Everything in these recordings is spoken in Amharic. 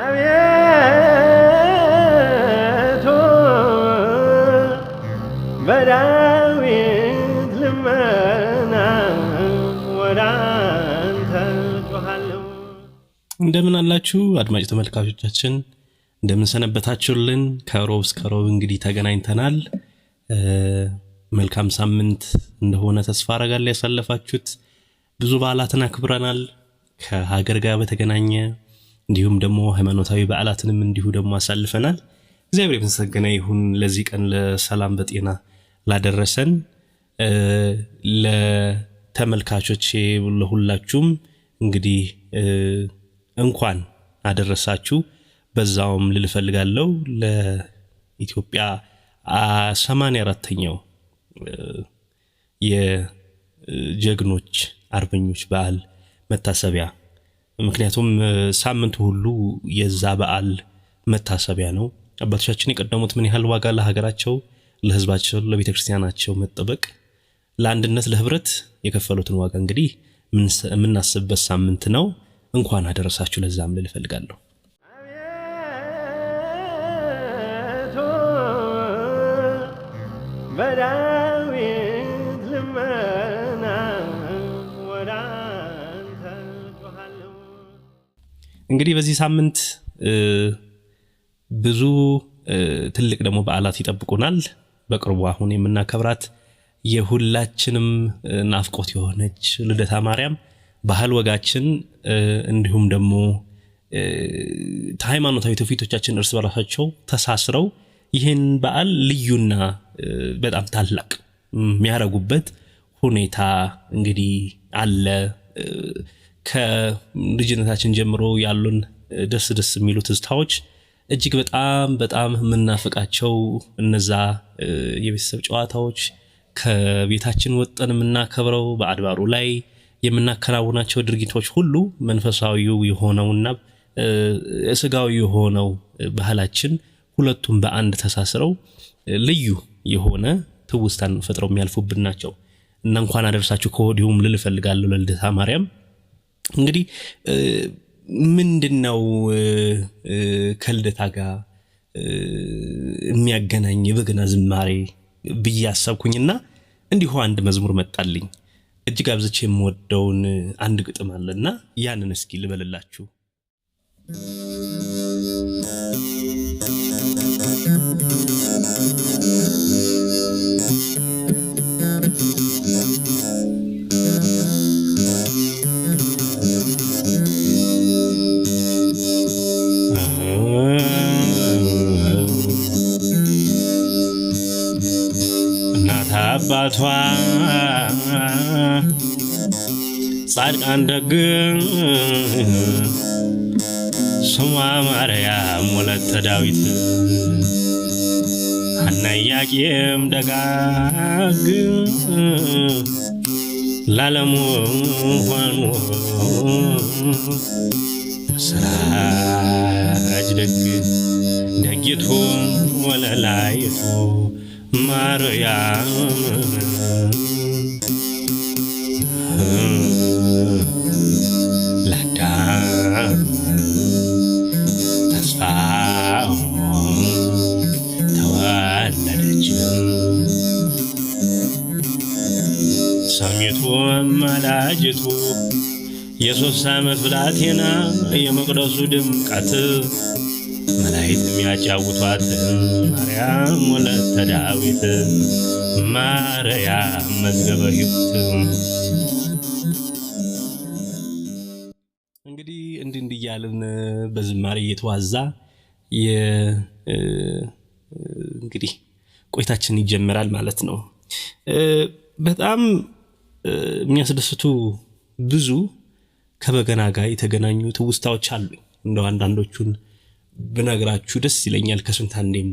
አቤቱ በዳዊት ልመና እንደምን አላችሁ አድማጭ ተመልካቾቻችን፣ እንደምን ሰነበታችሁልን? ከሮብ እስከ ሮብ እንግዲህ ተገናኝተናል። መልካም ሳምንት እንደሆነ ተስፋ አረጋለሁ ያሳለፋችሁት። ብዙ በዓላትን አክብረናል። ከሀገር ጋር በተገናኘ እንዲሁም ደግሞ ሃይማኖታዊ በዓላትንም እንዲሁ ደግሞ አሳልፈናል። እግዚአብሔር የተመሰገነ ይሁን ለዚህ ቀን ለሰላም በጤና ላደረሰን ለተመልካቾች ለሁላችሁም እንግዲህ እንኳን አደረሳችሁ። በዛውም ልልፈልጋለው ለኢትዮጵያ ሰማንያ አራተኛው የጀግኖች አርበኞች በዓል መታሰቢያ ምክንያቱም ሳምንት ሁሉ የዛ በዓል መታሰቢያ ነው። አባቶቻችን የቀደሙት ምን ያህል ዋጋ ለሀገራቸው፣ ለህዝባቸው ለቤተ ክርስቲያናቸው መጠበቅ፣ ለአንድነት፣ ለህብረት የከፈሉትን ዋጋ እንግዲህ የምናስብበት ሳምንት ነው። እንኳን አደረሳችሁ ለዛም ልል እፈልጋለሁ። በዳ እንግዲህ በዚህ ሳምንት ብዙ ትልቅ ደግሞ በዓላት ይጠብቁናል። በቅርቡ አሁን የምናከብራት የሁላችንም ናፍቆት የሆነች ልደታ ማርያም ባህል ወጋችን፣ እንዲሁም ደግሞ ሃይማኖታዊ ትውፊቶቻችን እርስ በራሳቸው ተሳስረው ይህን በዓል ልዩና በጣም ታላቅ የሚያደርጉበት ሁኔታ እንግዲህ አለ። ከልጅነታችን ጀምሮ ያሉን ደስ ደስ የሚሉ ትዝታዎች እጅግ በጣም በጣም የምናፍቃቸው እነዛ የቤተሰብ ጨዋታዎች ከቤታችን ወጠን የምናከብረው በአድባሩ ላይ የምናከናውናቸው ድርጊቶች ሁሉ መንፈሳዊው የሆነውና ስጋዊ የሆነው ባህላችን ሁለቱም በአንድ ተሳስረው ልዩ የሆነ ትውስታን ፈጥረው የሚያልፉብን ናቸው እና እንኳን አደርሳችሁ ከወዲሁም ልል እፈልጋለሁ ለልደታ ማርያም እንግዲህ ምንድን ነው ከልደታ ጋር የሚያገናኝ የበገና ዝማሬ ብዬ አሰብኩኝና እንዲሁ አንድ መዝሙር መጣልኝ። እጅግ አብዝቼ የምወደውን አንድ ግጥም አለና ያንን እስኪ ልበልላችሁ። አንደግ ስሟ ማርያም ወለተ ዳዊት ሐና ኢያቄም ደጋግ ላለሙ ሆኑ ስራጅ ደግ ደጊቱ ወለላይቱ ማርያም ላዳም ተስፋ ተወለደች። ሰሚቱ መላጅቱ የሶስት ዓመት ብላቴና የመቅደሱ ድምቀት መላእክትም ያጫውቷት ማርያም ወለተ ዳዊት ማርያም መዝገበ ሕይወት እንግዲህ እንዲህ እንዲህ እያልን በዝማሬ እየተዋዛ እንግዲህ ቆይታችን ይጀምራል ማለት ነው። በጣም የሚያስደስቱ ብዙ ከበገና ጋር የተገናኙ ትውስታዎች አሉ። እንደው አንዳንዶቹን ብነግራችሁ ደስ ይለኛል። ከስንት አንዴም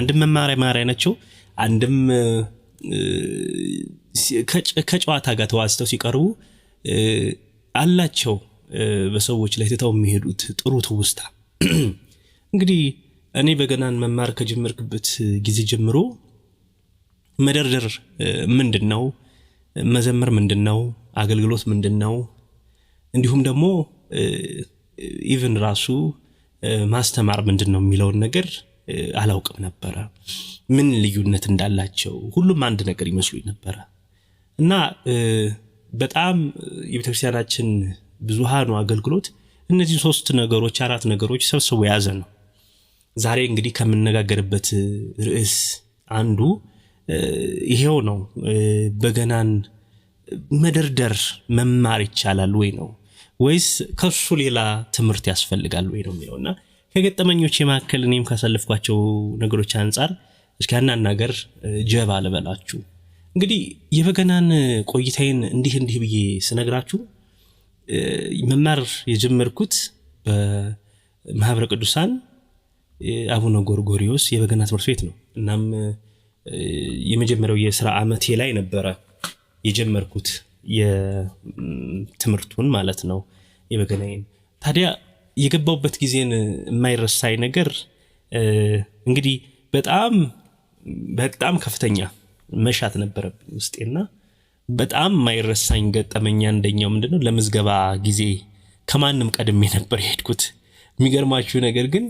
አንድም መማሪያ ማሪያ ናቸው። አንድም ከጨዋታ ጋር ተዋዝተው ሲቀርቡ አላቸው በሰዎች ላይ ትተው የሚሄዱት ጥሩ ትውስታ። እንግዲህ እኔ በገናን መማር ከጀመርክበት ጊዜ ጀምሮ መደርደር ምንድን ነው፣ መዘመር ምንድን ነው፣ አገልግሎት ምንድን ነው፣ እንዲሁም ደግሞ ኢቭን ራሱ ማስተማር ምንድን ነው የሚለውን ነገር አላውቅም ነበረ። ምን ልዩነት እንዳላቸው ሁሉም አንድ ነገር ይመስሉኝ ነበረ እና በጣም የቤተክርስቲያናችን ብዙሃኑ አገልግሎት እነዚህ ሶስት ነገሮች አራት ነገሮች ሰብስቦ የያዘ ነው። ዛሬ እንግዲህ ከምነጋገርበት ርዕስ አንዱ ይሄው ነው። በገናን መደርደር መማር ይቻላል ወይ ነው ወይስ ከሱ ሌላ ትምህርት ያስፈልጋል ወይ ነው የሚለውና ከገጠመኞች መካከል እኔም ካሳለፍኳቸው ነገሮች አንጻር እስኪ ያናን ነገር ጀባ ልበላችሁ። እንግዲህ የበገናን ቆይታዬን እንዲህ እንዲህ ብዬ ስነግራችሁ መማር የጀመርኩት በማህበረ ቅዱሳን አቡነ ጎርጎሪዎስ የበገና ትምህርት ቤት ነው። እናም የመጀመሪያው የስራ አመቴ ላይ ነበረ የጀመርኩት የትምህርቱን ማለት ነው የበገናዬን። ታዲያ የገባውበት ጊዜን የማይረሳኝ ነገር እንግዲህ በጣም በጣም ከፍተኛ መሻት ነበረብኝ ውስጤና በጣም ማይረሳኝ ገጠመኝ አንደኛው ምንድነው ለምዝገባ ጊዜ ከማንም ቀድሜ ነበር የሄድኩት። የሚገርማችሁ ነገር ግን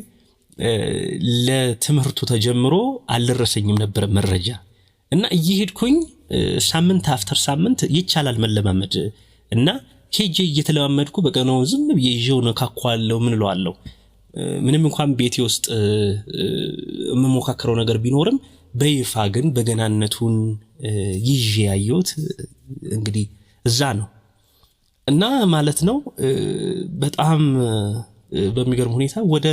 ለትምህርቱ ተጀምሮ አልደረሰኝም ነበረ መረጃ እና እየሄድኩኝ ሳምንት አፍተር ሳምንት ይቻላል መለማመድ እና ሄጄ እየተለማመድኩ በቀኑ ዝም ብዬ ይዤው ነው ካኳለው ምን እለዋለሁ ምንም እንኳን ቤቴ ውስጥ የምሞካከረው ነገር ቢኖርም በይፋ ግን በገናነቱን ይዤ ያየሁት እንግዲህ እዛ ነው እና ማለት ነው። በጣም በሚገርም ሁኔታ ወደ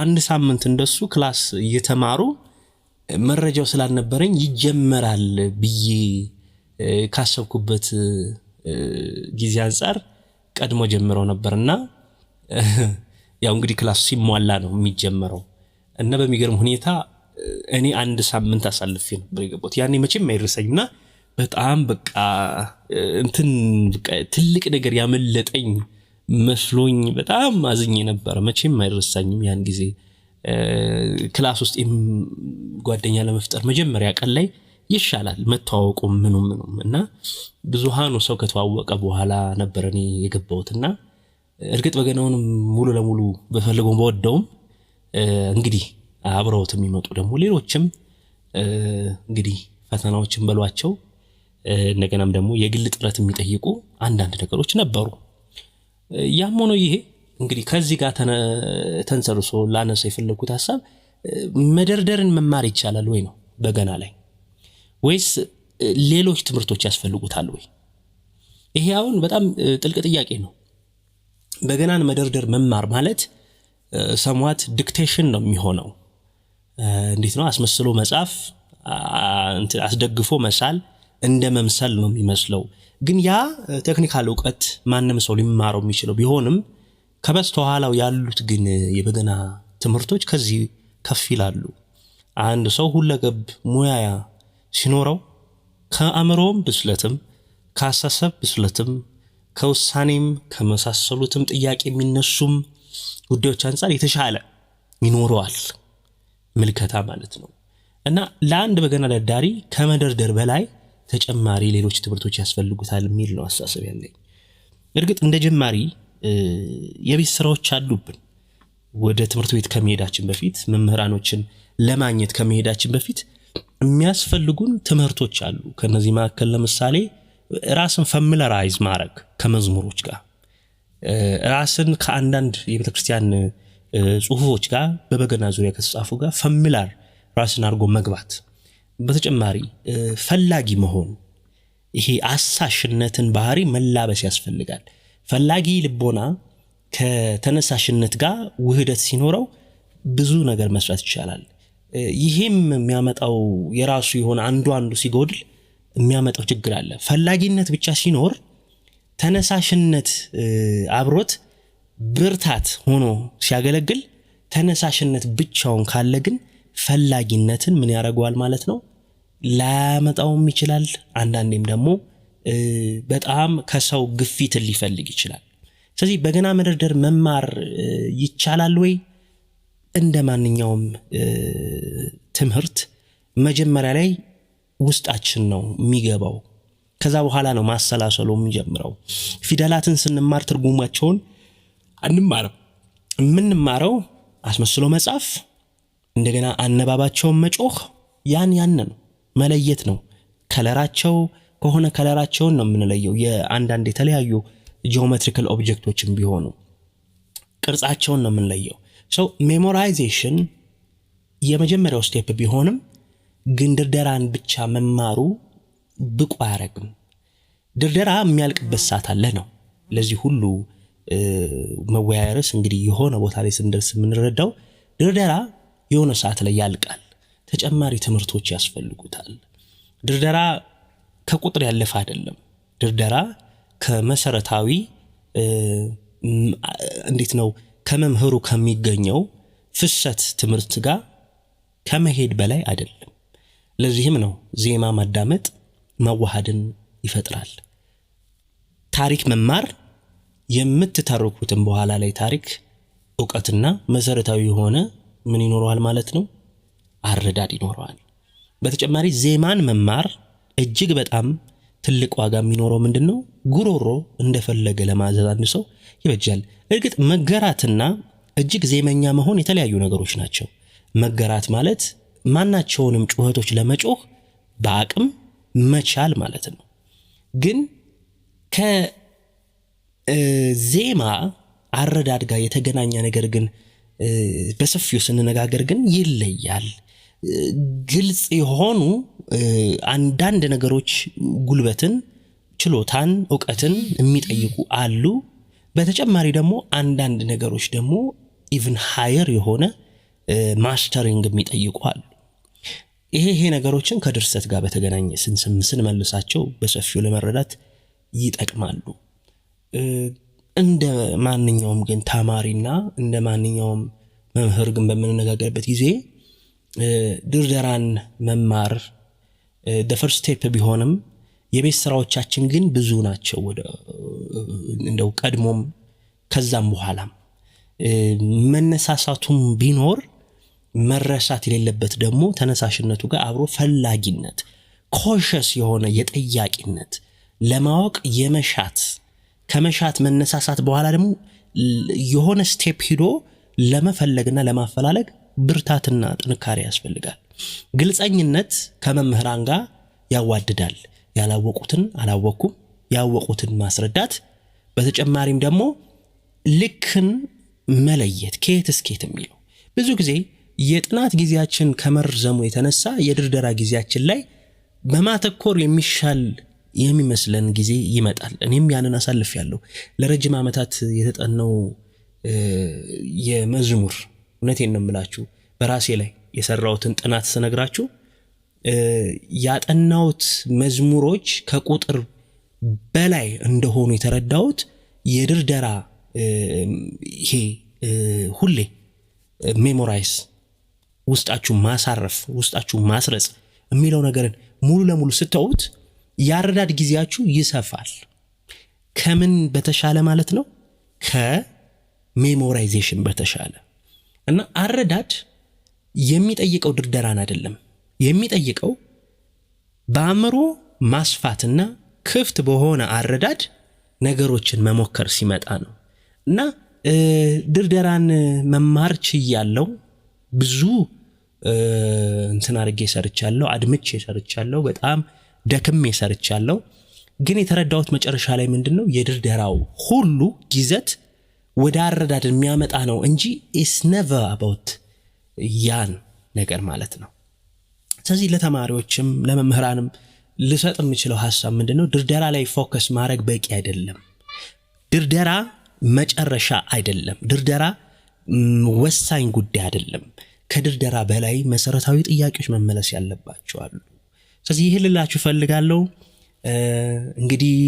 አንድ ሳምንት እንደሱ ክላስ እየተማሩ መረጃው ስላልነበረኝ ይጀመራል ብዬ ካሰብኩበት ጊዜ አንጻር ቀድሞ ጀምረው ነበር እና ያው እንግዲህ ክላሱ ሲሟላ ነው የሚጀመረው እና በሚገርም ሁኔታ እኔ አንድ ሳምንት አሳልፌ ነበር የገባሁት። ያኔ መቼም አይረሳኝና በጣም በቃ እንትን ትልቅ ነገር ያመለጠኝ መስሎኝ በጣም አዝኜ ነበረ። መቼም አይረሳኝም ያን ጊዜ ክላስ ውስጥ ጓደኛ ለመፍጠር መጀመሪያ ቀን ላይ ይሻላል መተዋወቁ ምኑ ምኑም እና ብዙሃኑ ሰው ከተዋወቀ በኋላ ነበር እኔ እና እርግጥ በገናውንም ሙሉ ለሙሉ በፈለገው በወደውም እንግዲህ አብረውት የሚመጡ ደግሞ ሌሎችም እንግዲህ ፈተናዎችን በሏቸው እንደገናም ደግሞ የግል ጥረት የሚጠይቁ አንዳንድ ነገሮች ነበሩ። ያም ሆኖ ይሄ እንግዲህ ከዚህ ጋር ተንሰርሶ ላነሰ የፈለጉት ሀሳብ መደርደርን መማር ይቻላል ወይ ነው በገና ላይ ወይስ ሌሎች ትምህርቶች ያስፈልጉታል ወይ? ይሄ አሁን በጣም ጥልቅ ጥያቄ ነው። በገናን መደርደር መማር ማለት ሰሟት ዲክቴሽን ነው የሚሆነው እንዴት ነው አስመስሎ መጻፍ አስደግፎ መሳል እንደ መምሰል ነው የሚመስለው። ግን ያ ቴክኒካል እውቀት ማንም ሰው ሊማረው የሚችለው ቢሆንም ከበስተኋላው ያሉት ግን የበገና ትምህርቶች ከዚህ ከፍ ይላሉ። አንድ ሰው ሁለገብ ሙያ ሲኖረው ከአእምሮም ብስለትም ከአሳሰብ ብስለትም ከውሳኔም ከመሳሰሉትም ጥያቄ የሚነሱም ጉዳዮች አንጻር የተሻለ ይኖረዋል። ምልከታ ማለት ነው። እና ለአንድ በገና ደርዳሪ ከመደርደር በላይ ተጨማሪ ሌሎች ትምህርቶች ያስፈልጉታል የሚል ነው አስተሳሰብ ያለኝ። እርግጥ እንደ ጀማሪ የቤት ስራዎች አሉብን። ወደ ትምህርት ቤት ከመሄዳችን በፊት መምህራኖችን ለማግኘት ከመሄዳችን በፊት የሚያስፈልጉን ትምህርቶች አሉ። ከነዚህ መካከል ለምሳሌ ራስን ፈምለራይዝ ማድረግ ከመዝሙሮች ጋር ራስን ከአንዳንድ የቤተክርስቲያን ጽሁፎች ጋር በበገና ዙሪያ ከተጻፉ ጋር ፈምላር ራስን አድርጎ መግባት፣ በተጨማሪ ፈላጊ መሆን፣ ይሄ አሳሽነትን ባህሪ መላበስ ያስፈልጋል። ፈላጊ ልቦና ከተነሳሽነት ጋር ውህደት ሲኖረው ብዙ ነገር መስራት ይቻላል። ይሄም የሚያመጣው የራሱ የሆነ አንዱ አንዱ ሲጎድል የሚያመጣው ችግር አለ። ፈላጊነት ብቻ ሲኖር ተነሳሽነት አብሮት ብርታት ሆኖ ሲያገለግል፣ ተነሳሽነት ብቻውን ካለ ግን ፈላጊነትን ምን ያደርገዋል ማለት ነው ላያመጣውም ይችላል። አንዳንዴም ደግሞ በጣም ከሰው ግፊትን ሊፈልግ ይችላል። ስለዚህ በገና መደርደር መማር ይቻላል ወይ? እንደ ማንኛውም ትምህርት መጀመሪያ ላይ ውስጣችን ነው የሚገባው። ከዛ በኋላ ነው ማሰላሰሉ የሚጀምረው። ፊደላትን ስንማር ትርጉማቸውን አንማርም። የምንማረው አስመስሎ መጻፍ፣ እንደገና አነባባቸውን መጮህ፣ ያን ያን ነው መለየት ነው። ከለራቸው ከሆነ ከለራቸውን ነው የምንለየው። የአንዳንድ የተለያዩ ጂኦሜትሪካል ኦብጀክቶችም ቢሆኑ ቅርጻቸውን ነው የምንለየው። ሰው ሜሞራይዜሽን የመጀመሪያው ስቴፕ ቢሆንም ግን ድርደራን ብቻ መማሩ ብቁ አያረግም። ድርደራ የሚያልቅበት ሰዓት አለ ነው ለዚህ ሁሉ መወያየረስ እንግዲህ የሆነ ቦታ ላይ ስንደርስ የምንረዳው ድርደራ የሆነ ሰዓት ላይ ያልቃል። ተጨማሪ ትምህርቶች ያስፈልጉታል። ድርደራ ከቁጥር ያለፈ አይደለም። ድርደራ ከመሰረታዊ እንዴት ነው ከመምህሩ ከሚገኘው ፍሰት ትምህርት ጋር ከመሄድ በላይ አይደለም። ለዚህም ነው ዜማ ማዳመጥ መዋሃድን ይፈጥራል። ታሪክ መማር የምትተርኩትም በኋላ ላይ ታሪክ እውቀትና መሰረታዊ የሆነ ምን ይኖረዋል ማለት ነው፣ አረዳድ ይኖረዋል። በተጨማሪ ዜማን መማር እጅግ በጣም ትልቅ ዋጋ የሚኖረው ምንድን ነው? ጉሮሮ እንደፈለገ ለማዘዝ አንድ ሰው ይበጃል። እርግጥ መገራትና እጅግ ዜመኛ መሆን የተለያዩ ነገሮች ናቸው። መገራት ማለት ማናቸውንም ጩኸቶች ለመጮህ በአቅም መቻል ማለት ነው። ግን ዜማ አረዳድ ጋር የተገናኘ ነገር ግን በሰፊው ስንነጋገር ግን ይለያል። ግልጽ የሆኑ አንዳንድ ነገሮች ጉልበትን፣ ችሎታን፣ እውቀትን የሚጠይቁ አሉ። በተጨማሪ ደግሞ አንዳንድ ነገሮች ደግሞ ኢቭን ሃየር የሆነ ማስተሪንግ የሚጠይቁ አሉ። ይሄ ይሄ ነገሮችን ከድርሰት ጋር በተገናኘ ስንመልሳቸው በሰፊው ለመረዳት ይጠቅማሉ። እንደ ማንኛውም ግን ተማሪና እንደ ማንኛውም መምህር ግን በምንነጋገርበት ጊዜ ድርደራን መማር ደፈር ስቴፕ ቢሆንም የቤት ስራዎቻችን ግን ብዙ ናቸው። እንደው ቀድሞም ከዛም በኋላም መነሳሳቱም ቢኖር መረሳት የሌለበት ደግሞ ተነሳሽነቱ ጋር አብሮ ፈላጊነት ኮሸስ የሆነ የጠያቂነት ለማወቅ የመሻት ከመሻት መነሳሳት በኋላ ደግሞ የሆነ ስቴፕ ሂዶ ለመፈለግና ለማፈላለግ ብርታትና ጥንካሬ ያስፈልጋል። ግልጸኝነት ከመምህራን ጋር ያዋድዳል። ያላወቁትን አላወቅኩም፣ ያወቁትን ማስረዳት። በተጨማሪም ደግሞ ልክን መለየት ከየት እስኬት የሚለው ብዙ ጊዜ የጥናት ጊዜያችን ከመርዘሙ የተነሳ የድርደራ ጊዜያችን ላይ በማተኮር የሚሻል የሚመስለን ጊዜ ይመጣል። እኔም ያንን አሳልፍ ያለው ለረጅም ዓመታት የተጠናው የመዝሙር እውነቴን ነው የምላችሁ በራሴ ላይ የሰራሁትን ጥናት ስነግራችሁ ያጠናሁት መዝሙሮች ከቁጥር በላይ እንደሆኑ የተረዳሁት የድርደራ ይሄ ሁሌ ሜሞራይዝ ውስጣችሁ ማሳረፍ ውስጣችሁ ማስረጽ የሚለው ነገርን ሙሉ ለሙሉ ስተውት የአረዳድ ጊዜያችሁ ይሰፋል። ከምን በተሻለ ማለት ነው? ከሜሞራይዜሽን በተሻለ እና አረዳድ የሚጠይቀው ድርደራን አይደለም። የሚጠይቀው በአእምሮ ማስፋትና ክፍት በሆነ አረዳድ ነገሮችን መሞከር ሲመጣ ነው እና ድርደራን መማር ችያለው። ብዙ እንትን አድርጌ ሰርቻለሁ፣ አድምቼ ሰርቻለሁ በጣም ደክሜ ሰርቻለሁ። ግን የተረዳሁት መጨረሻ ላይ ምንድን ነው የድርደራው ሁሉ ጊዘት ወደ አረዳድ የሚያመጣ ነው እንጂ ኢስ ነቨር አባውት ያን ነገር ማለት ነው። ስለዚህ ለተማሪዎችም ለመምህራንም ልሰጥ የምችለው ሀሳብ ምንድን ነው፣ ድርደራ ላይ ፎከስ ማድረግ በቂ አይደለም። ድርደራ መጨረሻ አይደለም። ድርደራ ወሳኝ ጉዳይ አይደለም። ከድርደራ በላይ መሰረታዊ ጥያቄዎች መመለስ ያለባቸዋሉ ስለዚህ ይህ ልላችሁ እፈልጋለሁ። እንግዲህ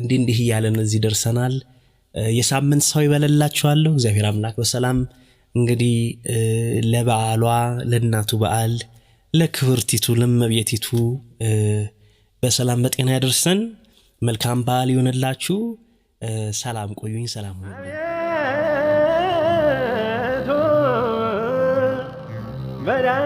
እንዲህ እንዲህ እያለን እዚህ ደርሰናል። የሳምንት ሰው ይበለላችኋለሁ። እግዚአብሔር አምላክ በሰላም እንግዲህ ለበዓሏ ለእናቱ በዓል ለክብርቲቱ ለእመቤቲቱ በሰላም በጤና ያደርሰን። መልካም በዓል ይሆንላችሁ። ሰላም ቆዩኝ። ሰላም ሆ